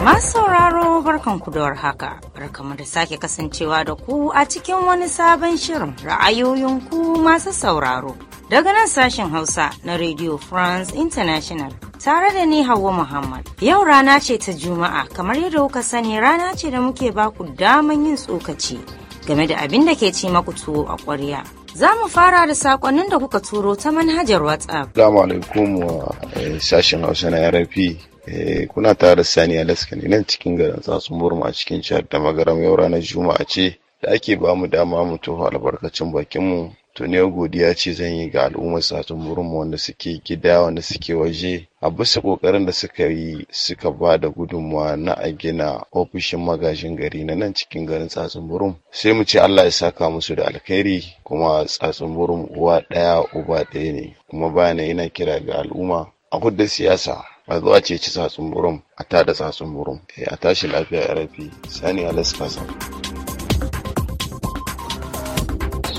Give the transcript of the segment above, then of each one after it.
Masu sauraro barkanku da haka, barkanmu da sake kasancewa da ku a cikin wani sabon shirin ra'ayoyin ku masu sauraro. Daga nan sashen Hausa na Radio France International tare da ni Hauwa Muhammad. Yau rana ce ta Juma'a kamar yadda kuka sani rana ce da muke baku daman yin tsokaci game da abin da ke ci maku tuwo a ƙwarya. Za mu fara da sakonnin da kuka turo ta manhajar WhatsApp. Salamu alaikum wa eh, sashen Hausa na RFP. Eh, kuna tare da Sani Alaska ne nan cikin garin Tsatsun Burma a cikin jihar da magaram yau ranar Juma'a ce da ake ba mu dama mu toho albarkacin bakinmu to ne godiya ce zan yi ga al'ummar burin mu wanda suke gida wanda suke waje a bisa kokarin da suka yi suka ba da gudunmawa na a gina ofishin magajin gari na nan cikin garin tsatsun burum sai mu ce allah ya saka musu da alkhairi kuma tsatsun burum uwa ɗaya uba ɗaya ne kuma bayanai yana kira ga al'umma a kudda siyasa a zuwa ce ci tsatsun burum a tada tsatsun burum eh, a tashi lafiya rfi sani alaska sam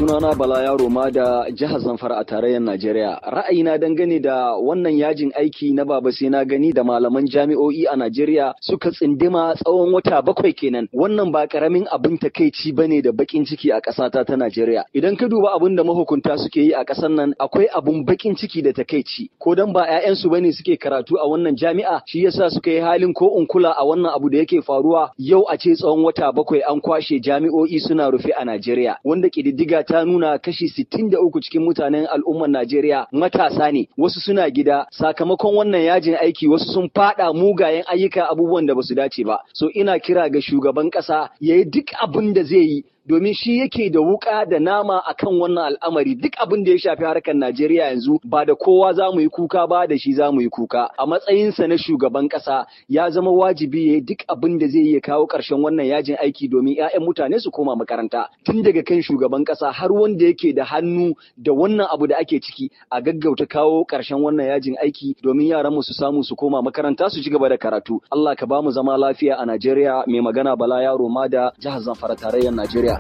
sunana Bala Yaro ma da jihar Zamfara a tarayyar Najeriya. Ra'ayi na dangane da wannan yajin aiki na baba sai na gani da malaman jami'o'i a Najeriya suka tsindima tsawon wata bakwai kenan. Wannan ba karamin abin takaici bane da bakin ciki a ƙasata ta Najeriya. Idan ka duba abin da mahukunta suke yi a ƙasar nan akwai abun bakin ciki da takaici. Ko dan ba 'ya'yansu bane suke karatu a wannan jami'a shi yasa suka yi halin ko in kula a wannan abu da yake faruwa yau a ce tsawon wata bakwai an kwashe jami'o'i suna rufe a Najeriya wanda ƙididdiga ta nuna kashi 63 cikin mutanen al'ummar Najeriya matasa ne wasu suna gida sakamakon wannan yajin aiki wasu sun fada mugayen ayyuka abubuwan da basu dace ba so ina kira ga shugaban kasa yayi duk abin da zai yi domin shi yake da wuka da nama a kan wannan al'amari duk abin da ya shafi harkar Najeriya yanzu ba da kowa za mu yi kuka ba da shi za mu yi kuka a matsayinsa na shugaban ƙasa ya zama wajibi ya duk abin da zai iya kawo ƙarshen wannan yajin aiki domin 'ya'yan mutane su koma makaranta tun daga kan shugaban ƙasa har wanda yake da hannu da wannan abu da ake ciki a gaggauta kawo ƙarshen wannan yajin aiki domin yaran mu su samu su koma makaranta su ci gaba da karatu Allah ka ba mu zama lafiya a Najeriya mai magana Bala Yaro ma da jihar Zamfara tarayyar Najeriya lafiya.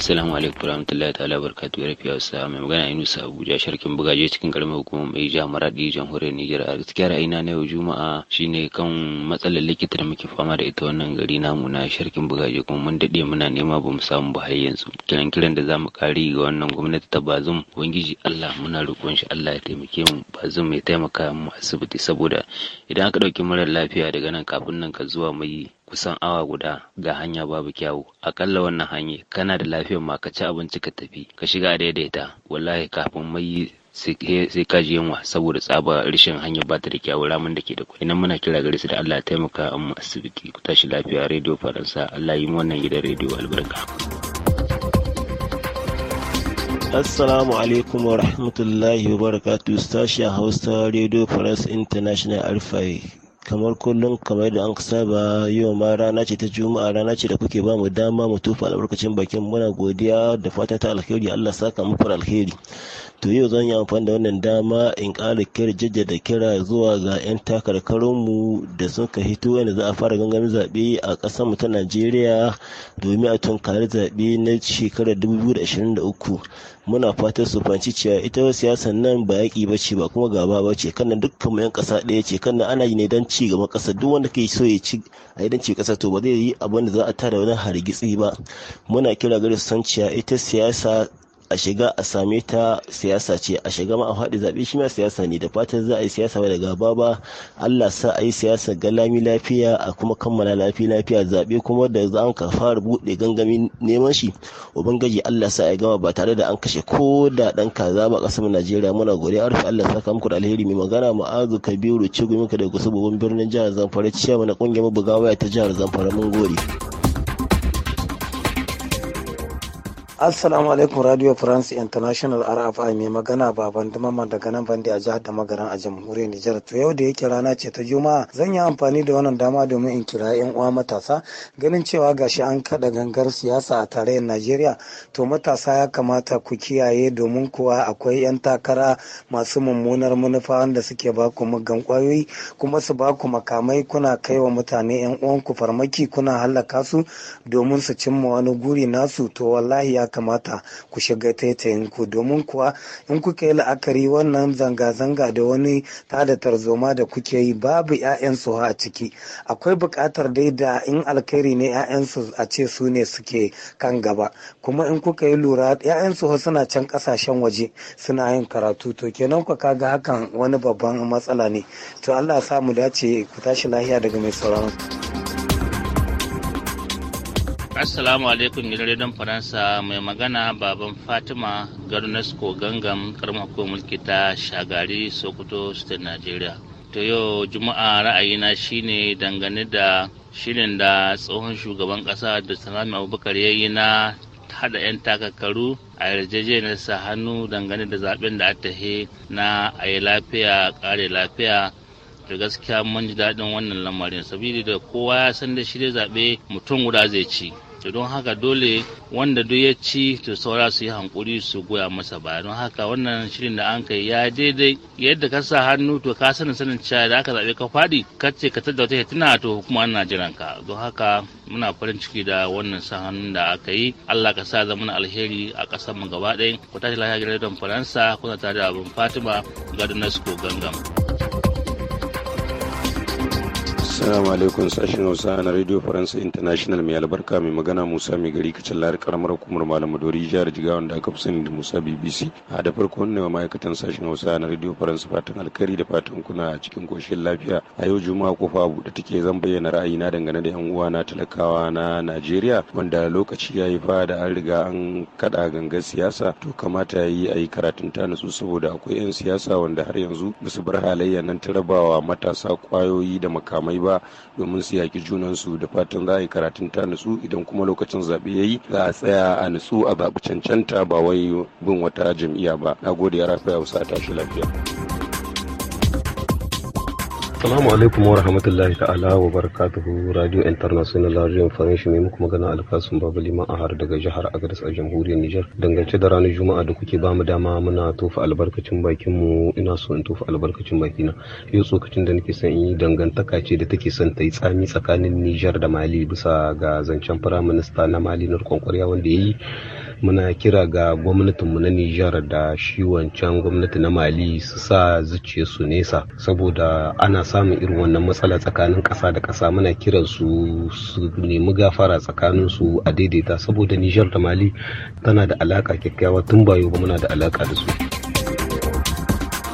Assalamu alaikum warahmatullahi ta'ala barkatu ya rafiya wasu mai magana Yunusa Abuja sharkin bugaje cikin karamar hukumar mai jiha Jan jamhuriyar Nijar a gaskiya ra'ayina na yau Juma'a shine kan matsalar likita da muke fama da ita wannan gari namu na sharkin bugaje kuma mun daɗe, muna nema ba mu samu ba har yanzu kiran kiran da zamu kari ga wannan gwamnati ta ba bazum ubangiji Allah muna roƙon shi Allah ya taimake mu bazum ya taimaka mu asibiti saboda idan aka ɗauki marar lafiya daga nan kafin nan ka zuwa mai kusan awa guda ga hanya babu kyawu akalla wannan hanyar kana da lafiyar ma ka ci abinci ka tafi ka shiga a daidaita wallahi kafin mai sai ka ji yunwa saboda tsaba rashin hanyar bata da kyawu ramin da ke da kuɗi muna kira gare su da Allah ya taimaka mu asibiti ku tashi lafiya rediyo faransa Allah yi wannan gidan rediyo albarka Assalamu alaikum wa rahmatullahi wa barakatuh Stasha Hausa Radio Press International Alfai kamar kullum kamar yadda an saba yau ma rana ce ta juma'a rana ce da kuke ba mu dama mu tufa albarkacin bakin muna godiya da fata ta alheri Allah saka mu fara alheri to yau zan yi amfani da wannan dama in ƙara kira da kira zuwa ga 'yan takarkarunmu da sun ka hito wanda za a fara gangamin zaɓe a ƙasar mu ta najeriya domin a tun tunkari zaɓe na shekarar 2023 muna fatan su fanci cewa ita siyasar nan ba yaƙi ba ce ba kuma gaba ba ce kannan dukkan mu 'yan ƙasa ɗaya ce kannan ana yi ne don ci gaban ƙasa duk wanda ke so ya ci a idan ci ƙasa to ba zai yi abin da za a tara wani hargitsi ba muna kira gare su san ita siyasa a shiga a same ta siyasa ce a shiga ma a faɗi zaɓe shi ma siyasa ne da fatan za a yi siyasa da gaba ba Allah sa a yi siyasa lami lafiya a kuma kammala lafiya lafiya zaɓe kuma da za ka fara buɗe gangami neman shi ubangiji Allah sa a gama ba tare da an kashe ko da ɗan kaza ba ƙasar Najeriya muna godiya arfi Allah saka muku da alheri mai magana ma'azu Kabiru Cigumin ka da gusu babban birnin jihar Zamfara ciyama na ƙungiyar bugawa ta jihar Zamfara mun gode. Assalamu alaikum Radio France International RFI mai magana baban Dumaman daga nan bandi a jihar da magaran a jamhuriyar Nijar. To yau da yake rana ce ta Juma'a zan yi amfani da wannan dama domin in kira yan uwa matasa ganin cewa gashi an kaɗa gangar siyasa a tarayyar Najeriya. To matasa ya kamata ku kiyaye domin kuwa akwai yan takara masu mummunar manufa wanda suke ba ku muggan kwayoyi kuma su ba ku makamai kuna kai wa mutane yan uwanku farmaki kuna hallaka su domin su cimma wani guri nasu to wallahi ya kamata ku shiga taitayin ku domin kuwa in kuka yi la'akari wannan zanga-zanga da wani tada tarzoma da kuke yi babu 'ya'yansu a ciki akwai buƙatar dai da in alkhairi ne 'ya'yansu a ce su ne suke kan gaba kuma in kuka yi lura 'ya'yan 'ya'yansu suna can kasashen waje suna yin karatu to kenan ku kaga hakan wani babban matsala ne to Allah ya sa mu dace ku tashi lahiya daga mai sauraron. Assalamu alaikum gidan redon Faransa mai magana baban Fatima Garnesko Gangan karamar hukumar mulki ta Shagari Sokoto State Najeriya. To yau Juma'a ra'ayina shine dangane da shirin da tsohon shugaban ƙasa da Salami Abubakar ya yi na haɗa 'yan takakaru a yarjejeniyar sa hannu dangane da zaben da aka na a yi lafiya ƙare lafiya da gaskiya mun ji daɗin wannan lamarin saboda da kowa ya san da shirin zaɓe mutum guda zai ci to don haka dole wanda duk ya ci to saura su yi hankuri su goya masa ba don haka wannan shirin da an kai ya daidai yadda ka sa hannu to ka sanin sanin cewa da aka zaɓe ka faɗi ka ce ka ta wata tuna to kuma ana jiran ka don haka muna farin ciki da wannan sa hannun da aka yi Allah ka sa zama alheri a ƙasar mu gaba ɗaya ku tashi lafiya gidan faransa kuna tare da abin fatima ga Donetsk gangam. Assalamu alaikum sashen Hausa na Radio Faransa International mai albarka mai magana Musa mai gari kacin lahar karamar hukumar Malam Dori, jihar Jigawa da aka fi da Musa BBC. A da farko ne ma'aikatan sashen Hausa na Radio Faransa, fatan alkari da fatan kuna cikin koshin lafiya. A yau Juma'a kofa buɗe take zan bayyana ra'ayina dangane da 'yan uwa na talakawa na Najeriya wanda lokaci ya yi fa da an riga an kaɗa gangar siyasa to kamata ya yi a yi karatun ta nutsu saboda akwai 'yan siyasa wanda har yanzu ba su bar halayya nan ta rabawa matasa kwayoyi da makamai ba ba domin su yaki junansu da fatan za a yi karatun ta nutsu idan kuma lokacin zaɓe ya yi za a tsaya a nutsu a zaɓi cancanta ba wai bin wata jam'iyya ba na gode ya rafi hausa tashi lafiya. Salamu alaikum wa rahmatullahi ta'ala wa barakatuhu Radio International Radio Information mai muku magana alkasun Babaliman Ahar daga jihar Agadez a jamhuriyar Nijar. Dangance da ranar Juma'a da kuke bamu dama muna tofa albarkacin bakin mu ina so in tofa albarkacin na Yau tsokacin da nake son yi dangantaka ce da take son ta yi tsami tsakanin Nijar da Mali bisa ga zancen Firaminista na Mali na kwankwariya wanda ya yi muna kira ga gwamnatinmu na Nijar da shi wancan gwamnati na Mali su sa zuciya su nesa saboda ana samun irin wannan matsala tsakanin ƙasa da ƙasa muna kiran su su nemi gafara tsakanin su a daidaita saboda Nijar da Mali tana da alaka kyakkyawa tun bayo ba muna da alaka da su.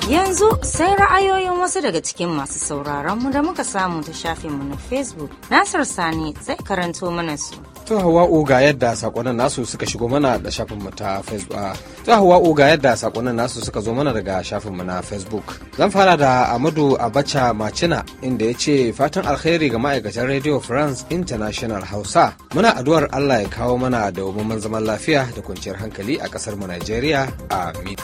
Yanzu sai ra'ayoyin wasu daga cikin masu sauraron mu da muka samu ta shafinmu na Facebook, Nasir Sani zai karanto mana su. ta hawa ga yadda sakonnin nasu suka shigo mana da shafin mu ta facebook ah, ta hawa ga yadda sakonnin nasu suka zo mana daga shafin mu na facebook zan fara da amadu abacha macina inda ya ce fatan alkhairi ga ma'aikatan radio france international hausa muna addu'ar allah ya kawo mana da zaman lafiya da kwanciyar hankali a kasar mu nigeria amin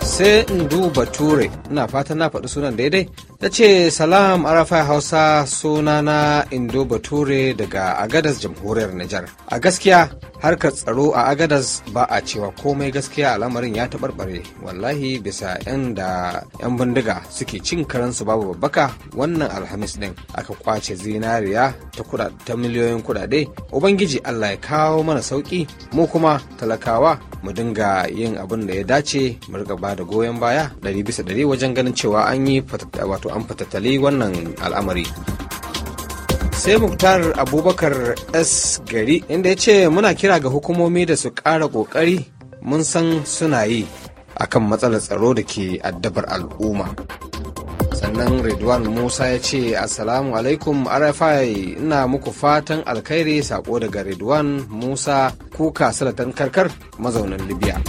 sai in duba ture ina fatan na faɗi sunan daidai Ta ce salam arafa hausa sunana indo bature daga agadas jamhuriyar nijar a gaskiya harkar tsaro a agadas ba a cewa komai gaskiya al'amarin ya taɓarɓare wallahi bisa yan yan bindiga suke cin karansu babu babbaka wannan alhamis din aka kwace zinariya ta ta miliyoyin kudade ubangiji allah ya kawo mana sauki mu kuma talakawa mu dinga yin abin da ya dace mu riga ba da goyon baya ɗari bisa ɗari wajen ganin cewa an yi wato an fatattali wannan al'amari sai muktar abubakar s gari inda ya ce muna kira ga hukumomi da su ƙara ƙoƙari mun san suna yi akan matsalar tsaro da ke addabar al'umma sannan redwan musa ya ce assalamu alaikum rfi ina muku fatan alkhairi sako daga redwan musa kuka salatan karkar mazaunin libya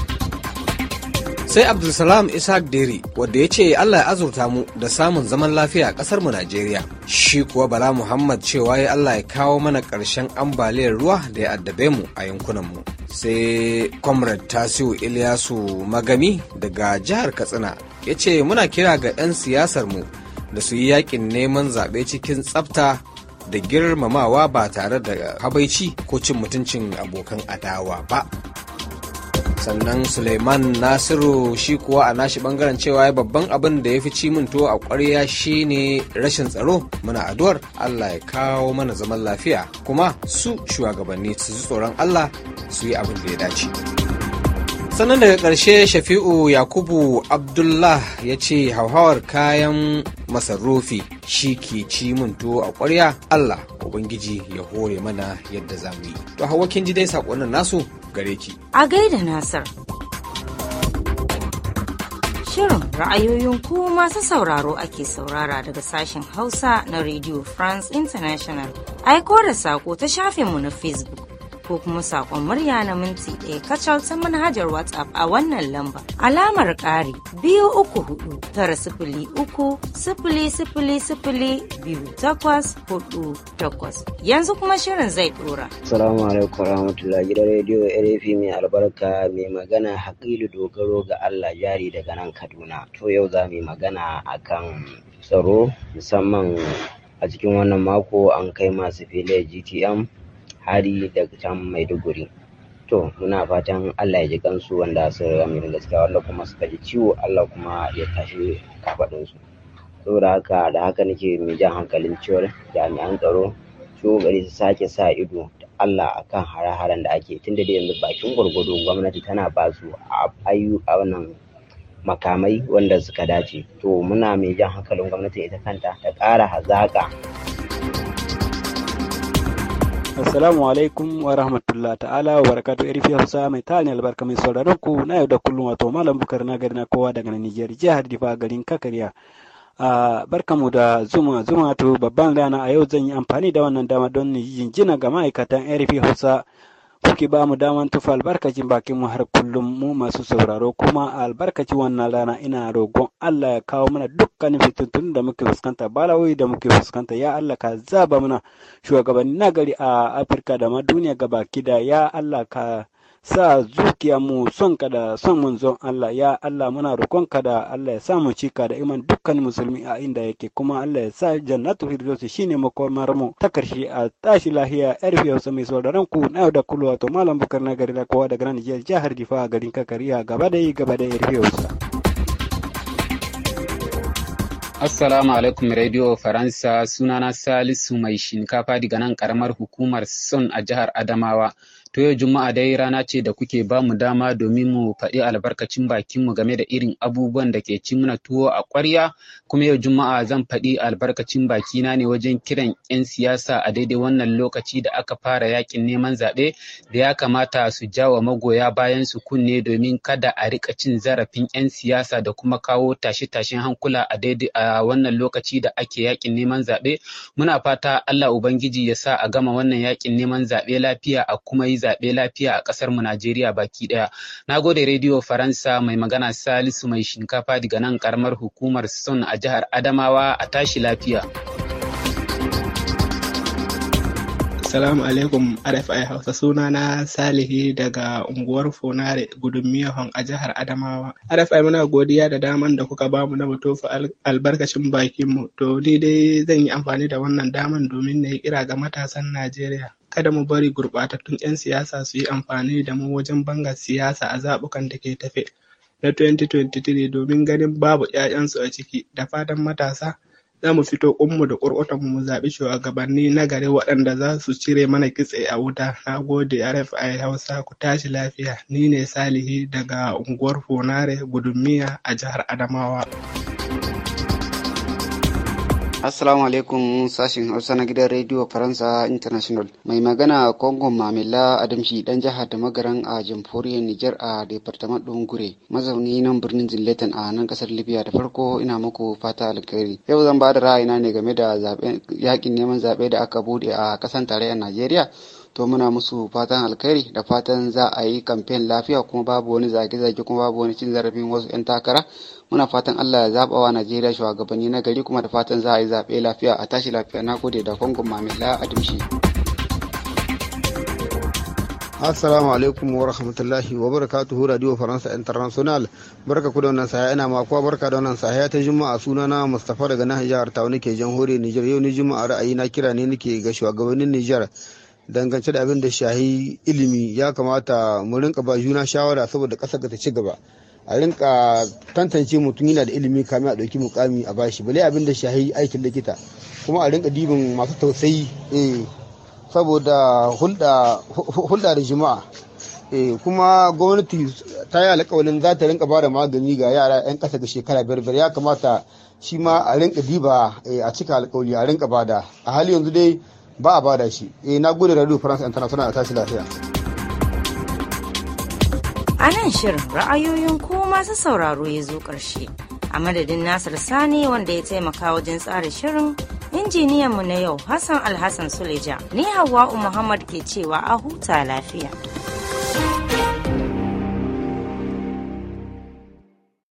sai abdulsalam ishaq deri wadda ya ce allah ya azurta mu da samun zaman lafiya a kasar mu najeriya shi kuwa bala muhammad cewa ya allah ya kawo mana karshen ambaliyar ruwa da ya addabe mu a yankunan mu sai comrade tasiu iliyasu magami daga jihar katsina ya ce muna kira ga 'yan siyasar mu da su yi yakin neman zaɓe cikin tsafta da girmamawa ba tare da habaici ko cin mutuncin abokan adawa ba sannan suleiman nasiru shi kuwa a nashi bangaren cewa babban abin da ya fi ci min tuwo a ƙwarya shine rashin tsaro muna addu'ar allah ya kawo mana zaman lafiya kuma su shugabanni su ji tsoron allah su yi abin da ya dace sannan daga ƙarshe shafi'u yakubu abdullah ya ce hauhawar kayan masarufi shi ke ci min tuwo a ƙwarya allah ubangiji ya hore mana yadda za mu yi to hawa kin ji dai saƙonnin nasu gare ki. A gaida Nasar. Shirin ra'ayoyin ku masu sauraro ake saurara daga sashen Hausa na Radio France International. Aiko da sako ta shafinmu na Facebook ko kuma saƙon murya na minti ɗaya kacal ta manhajar WhatsApp a wannan lamba. Alamar ƙari biyu uku hudu tara sifili uku sifili sifili sifili biyu takwas hudu takwas. Yanzu kuma shirin zai ɗora. Salamu alaikum rahmatullahi gidan rediyo RFI mai albarka mai magana haƙilu dogaro ga Allah jari daga nan Kaduna. To yau za mu yi magana akan tsaro musamman a cikin wannan mako an kai masu filin GTM hari daga can maiduguri to muna fatan allah ya ji kansu wanda su rami gaskiya wanda kuma suka ji ciwo allah kuma ya tashi kafaɗinsu saboda haka da haka nake mai jan hankalin cewar jami'an tsaro su gari su sake sa ido Allah akan hare-haren da ake tunda da yanzu bakin gwargwado gwamnati tana ba su ayyuka wannan makamai wanda suka dace to muna mai jan hankalin gwamnati ita kanta ta ƙara hazaƙa Assalamu alaikum wa rahmatullah ta'ala wa barakatu irfi Hausa mai tani albarka mai sauraron ku na yau da kullum wato Malam Bukar na gari na kowa daga Nijar jihar Difa garin Kakariya. Uh, barkamu da zuma zuma to babban rana a yau zan yi amfani da wannan dama don jinjina ga ma'aikatan irfi Hausa kuke ba mu daman tufa albarkacin bakin mu har kullum mu masu sauraro kuma a albarkacin wannan rana ina roƙon Allah ya kawo mana dukkanin fitutun da muke fuskanta balawoyi da muke fuskanta ya Allah ka zaba mana shugabanni nagari a Afirka da ma duniya gabaki da ya Allah ka sa zuciya mu son ka da son manzon Allah ya Allah muna roƙon ka da Allah ya sa mu cika da iman dukkan musulmi a inda yake kuma Allah ya sa jannatu firdausi shine makomar mu ta karshe a tashi lahiya yarfi hausa mai sauraron ku na yau da kullu wato malam bukar na gari da kowa daga nan jihar Difa garin Kakariya gaba da gaba da arfi hausa Assalamu alaikum Radio Faransa sunana Salisu mai shinkafa daga nan karamar hukumar Son a jihar Adamawa. To yau Juma'a dai rana ce da kuke ba mu dama domin mu faɗi albarkacin bakinmu game da irin abubuwan da ke ci muna tuwo a ƙwarya. Kuma yau Juma'a zan faɗi albarkacin bakina ne wajen kiran 'yan siyasa a daidai wannan lokaci da aka fara yakin neman zaɓe da ya kamata su jawa magoya bayan su kunne domin kada a riƙa cin zarafin 'yan siyasa da kuma kawo tashe-tashen hankula a daidai a wannan lokaci da ake yakin neman zaɓe. Muna fata Allah Ubangiji ya sa a gama wannan yakin neman zaɓe lafiya a kuma yi zaɓe lafiya a ƙasar mu Najeriya baki ɗaya. Na gode Radio Faransa mai magana Salisu mai shinkafa daga nan ƙaramar hukumar Son a jihar Adamawa a tashi lafiya. Assalamu alaikum RFI Hausa suna na Salihi daga unguwar Fonare gudun Miyahon a jihar Adamawa. RFI muna godiya da daman da kuka bamu na mutufa albarkacin bakinmu. To ni dai zan yi amfani da wannan daman domin na yi kira ga matasan Najeriya. kada mu bari gurɓatattun 'yan siyasa su yi amfani da mu wajen banga siyasa a zaɓukan da ke tafe na 2023 domin ganin babu 'ya'yansu a ciki da fatan matasa Za mu fito mu da ƙwarƙwatarmu mu zaɓi shugabanni na gari waɗanda za su cire mana kitse a wuta. Na gode RFI Hausa ku tashi lafiya. Ni ne Salihi daga unguwar Funare gudunmiya a jihar Adamawa. Assalamu alaikum sashin Hausa na gidan Radio Faransa International. Mai magana Kongo Mamila Adamshi dan jihar da magaran a jamhuriyar Niger a Departement ɗin Gure. Mazauni nan birnin Zillatan a nan kasar Libya da farko ina muku fata alkhairi. Yau zan ba da ra'ayina ne game da yakin neman zaɓe da aka bude a ƙasan tarayyar Najeriya. to muna musu fatan alkhairi da fatan za a yi kamfen lafiya kuma babu wani zage-zage kuma babu wani cin zarafin wasu 'yan takara muna fatan Allah ya zaɓa wa Najeriya shugabanni na gari kuma da fatan za a yi zaɓe lafiya a tashi lafiya na gode da kongon mamila adamshi. Assalamu alaikum wa rahmatullahi wa barakatuhu Radio Faransa International. Barka ku da wannan sahaya ina makuwa barka da wannan sahaya ta Juma'a sunana Mustapha daga nan jihar Tauni ke jamhuriyar Nijar yau ni Juma'a ra'ayi na kira ne nake ga shugabannin Nijar. dangance da abin da shahi ilimi ya kamata mu rinka ba juna shawara saboda ƙasa ta ci gaba a rinka tantance mutum yana da ilimi kamin a ɗauki mukami a bashi bale abin da shahi aikin likita kuma a rinka dibin masu tausayi eh, saboda hulɗa da jima'a eh, kuma gwamnati ta yi alƙawarin za ta rinka bada magani ga yara 'yan ƙasa ga shekara biyar biyar ya kamata shi ma a rinka diba eh, a cika alƙawari a rinka bada a hali yanzu dai ba a bada shi eh na gode radio france international ta tashi lafiya a nan shirin ra'ayoyin ko masu sauraro ya zo ƙarshe a madadin nasir sani wanda ya taimaka wajen tsara shirin mu na yau hassan alhassan suleja ni hawa'u muhammad ke cewa a huta lafiya